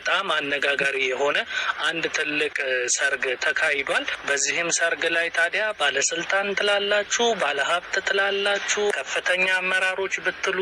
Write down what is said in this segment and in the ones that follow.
በጣም አነጋጋሪ የሆነ አንድ ትልቅ ሰርግ ተካሂዷል። በዚህም ሰርግ ላይ ታዲያ ባለስልጣን ትላላችሁ፣ ባለሀብት ትላላችሁ፣ ከፍተኛ አመራሮች ብትሉ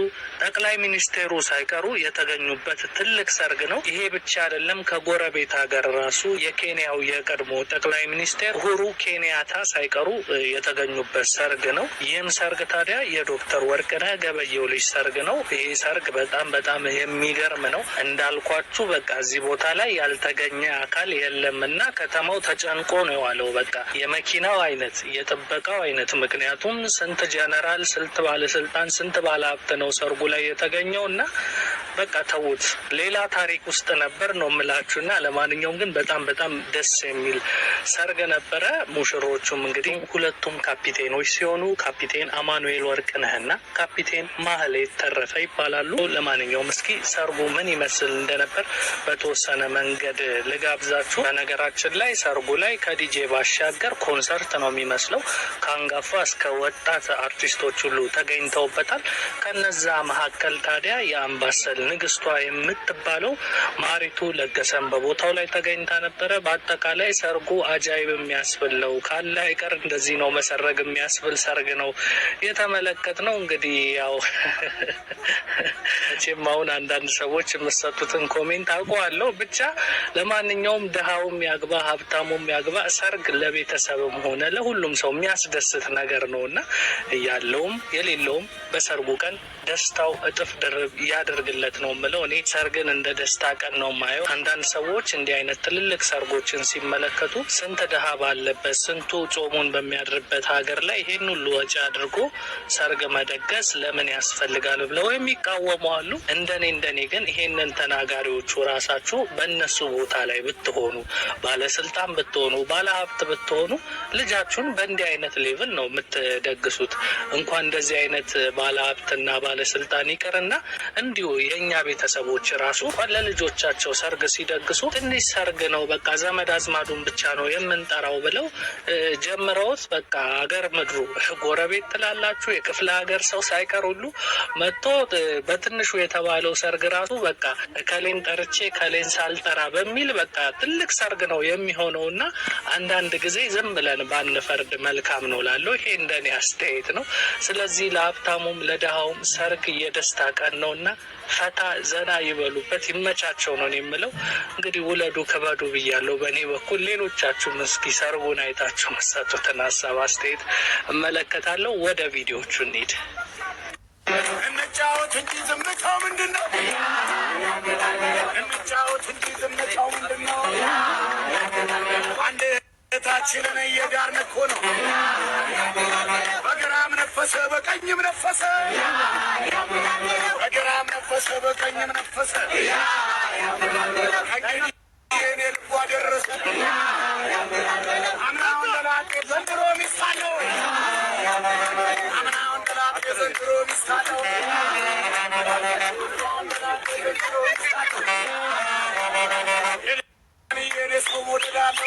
ጠቅላይ ሚኒስቴሩ ሳይቀሩ የተገኙበት ትልቅ ሰርግ ነው። ይሄ ብቻ አይደለም። ከጎረቤት ሀገር ራሱ የኬንያው የቀድሞ ጠቅላይ ሚኒስቴር ሁሩ ኬንያታ ሳይቀሩ የተገኙበት ሰርግ ነው። ይህም ሰርግ ታዲያ የዶክተር ወርቅነህ ገበየሁ ልጅ ሰርግ ነው። ይሄ ሰርግ በጣም በጣም የሚገርም ነው። እንዳልኳችሁ በቃ እዚህ ቦታ ላይ ያልተገኘ አካል የለም እና ከተማው ተጨንቆ ነው የዋለው። በቃ የመኪናው አይነት፣ የጥበቃው አይነት። ምክንያቱም ስንት ጀነራል፣ ስንት ባለስልጣን፣ ስንት ባለሀብት ነው ሰርጉ ላይ የተገኘው እና በቃ ተዉት፣ ሌላ ታሪክ ውስጥ ነበር ነው የምላችሁ። እና ለማንኛውም ግን በጣም በጣም ደስ የሚል ሰርግ ነበረ። ሙሽሮቹም እንግዲህ ሁለቱም ካፒቴኖች ሲሆኑ ካፒቴን አማኑኤል ወርቅነህና ካፒቴን ማህሌት ተረፈ ይባላሉ። ለማንኛውም እስኪ ሰርጉ ምን ይመስል እንደነበር በተወሰነ መንገድ ልጋብዛችሁ። በነገራችን ላይ ሰርጉ ላይ ከዲጄ ባሻገር ኮንሰርት ነው የሚመስለው። ከአንጋፋ እስከ ወጣት አርቲስቶች ሁሉ ተገኝተውበታል። ከነዛ መካከል ታዲያ የአምባሰል ንግስቷ የምትባለው ማሪቱ ለገሰን በቦታው ላይ ተገኝታ ነበረ። በአጠቃላይ ሰርጉ አጃይብ የሚያስብል ነው። ካለ አይቀር እንደዚህ ነው መሰረግ የሚያስብል ሰርግ ነው የተመለከት ነው። እንግዲህ ያው መቼም አሁን አንዳንድ ሰዎች የምሰጡትን ኮሜንት አውቀዋለሁ። ብቻ ለማንኛውም ድሃውም ያግባ ሀብታሙም ያግባ ሰርግ ለቤተሰብም ሆነ ለሁሉም ሰው የሚያስደስት ነገር ነው እና ያለውም የሌለውም በሰርጉ ቀን ደስታው እጥፍ ድርብ ያደርግለት። ነው የምለው። እኔ ሰርግን እንደ ደስታ ቀን ነው የማየው። አንዳንድ ሰዎች እንዲህ አይነት ትልልቅ ሰርጎችን ሲመለከቱ ስንት ድሃ ባለበት ስንቱ ጾሙን በሚያድርበት ሀገር ላይ ይሄን ሁሉ ወጪ አድርጎ ሰርግ መደገስ ለምን ያስፈልጋል ብለው የሚቃወሙ አሉ። እንደኔ እንደኔ ግን ይሄንን ተናጋሪዎቹ ራሳችሁ በእነሱ ቦታ ላይ ብትሆኑ፣ ባለስልጣን ብትሆኑ፣ ባለሀብት ብትሆኑ ልጃችሁን በእንዲህ አይነት ሌቭል ነው የምትደግሱት። እንኳን እንደዚህ አይነት ባለሀብትና ባለስልጣን ይቅርና እንዲሁ የእኛ ቤተሰቦች ራሱ ለልጆቻቸው ሰርግ ሲደግሱ ትንሽ ሰርግ ነው በቃ ዘመድ አዝማዱን ብቻ ነው የምንጠራው ብለው ጀምረውት በቃ አገር ምድሩ ጎረቤት ትላላችሁ የክፍለ ሀገር ሰው ሳይቀር ሁሉ መጥቶ በትንሹ የተባለው ሰርግ ራሱ በቃ ከሌን ጠርቼ ከሌን ሳልጠራ በሚል በቃ ትልቅ ሰርግ ነው የሚሆነው እና አንዳንድ ጊዜ ዝም ብለን ባንፈርድ መልካም ነው ላለው ይሄ እንደኔ አስተያየት ነው። ስለዚህ ለሀብታሙም ለድሃውም ሰርግ የደስታ ቀን ነው እና ፈታ ዘና ይበሉበት፣ ይመቻቸው ነው የምለው። እንግዲህ ውለዱ ከበዱ ብያለሁ በእኔ በኩል። ሌሎቻችሁም እስኪ ሰርጉን አይታችሁ መሰጡትን ሀሳብ አስተያየት እመለከታለሁ። ወደ ቪዲዮቹ እንሂድ። እንጫወት እንጂ ዝምታው ምንድን ነው? እንጫወት እንጂ ዝምታው ምንድን ነው? አንድ እህታችንን እየዳርን እኮ ነው በግራም ነፈሰ በቀኝም ነፈሰ፣ በግራም ነፈሰ በቀኝም ነፈሰ። የኔ ልቧ ደረሰ። አምናውን ለላጤ ዘንድሮ ሚስት አምናውን ለላጤ ዘንድሮ ሚስት ሰው ወድዳለው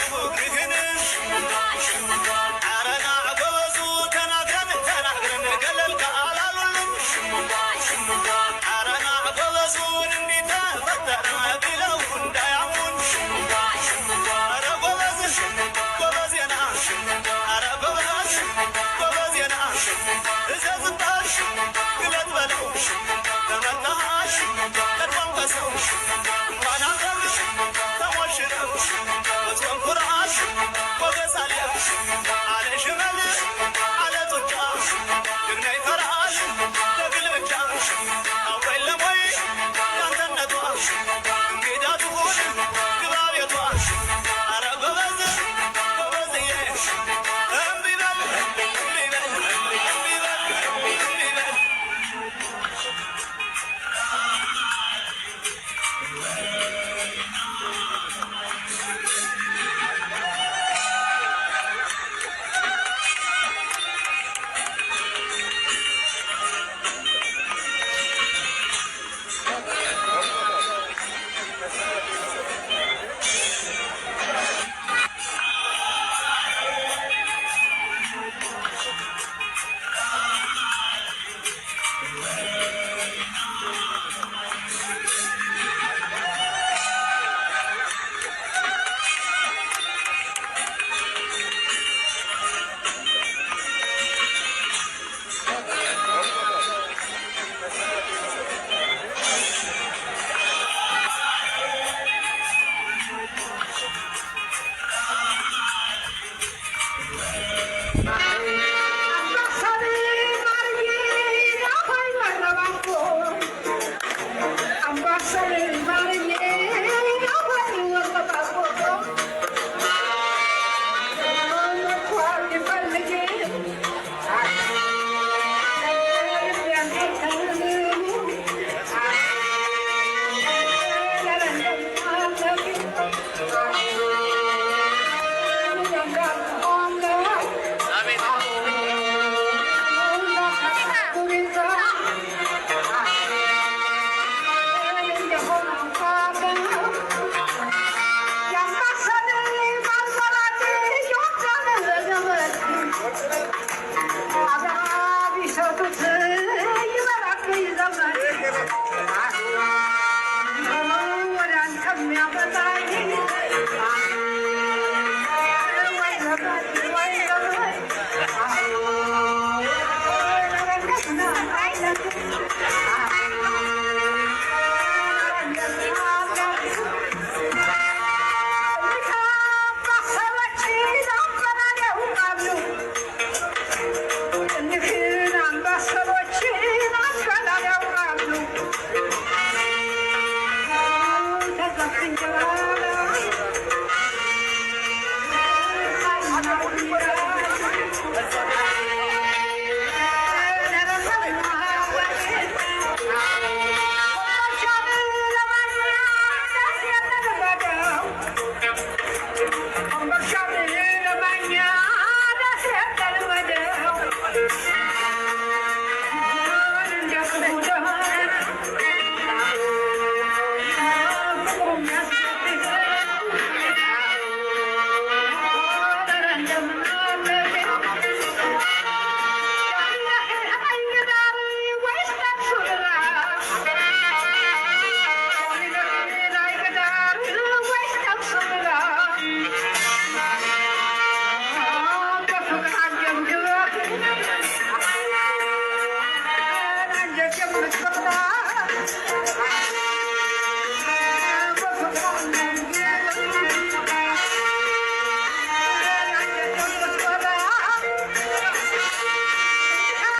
Thank you.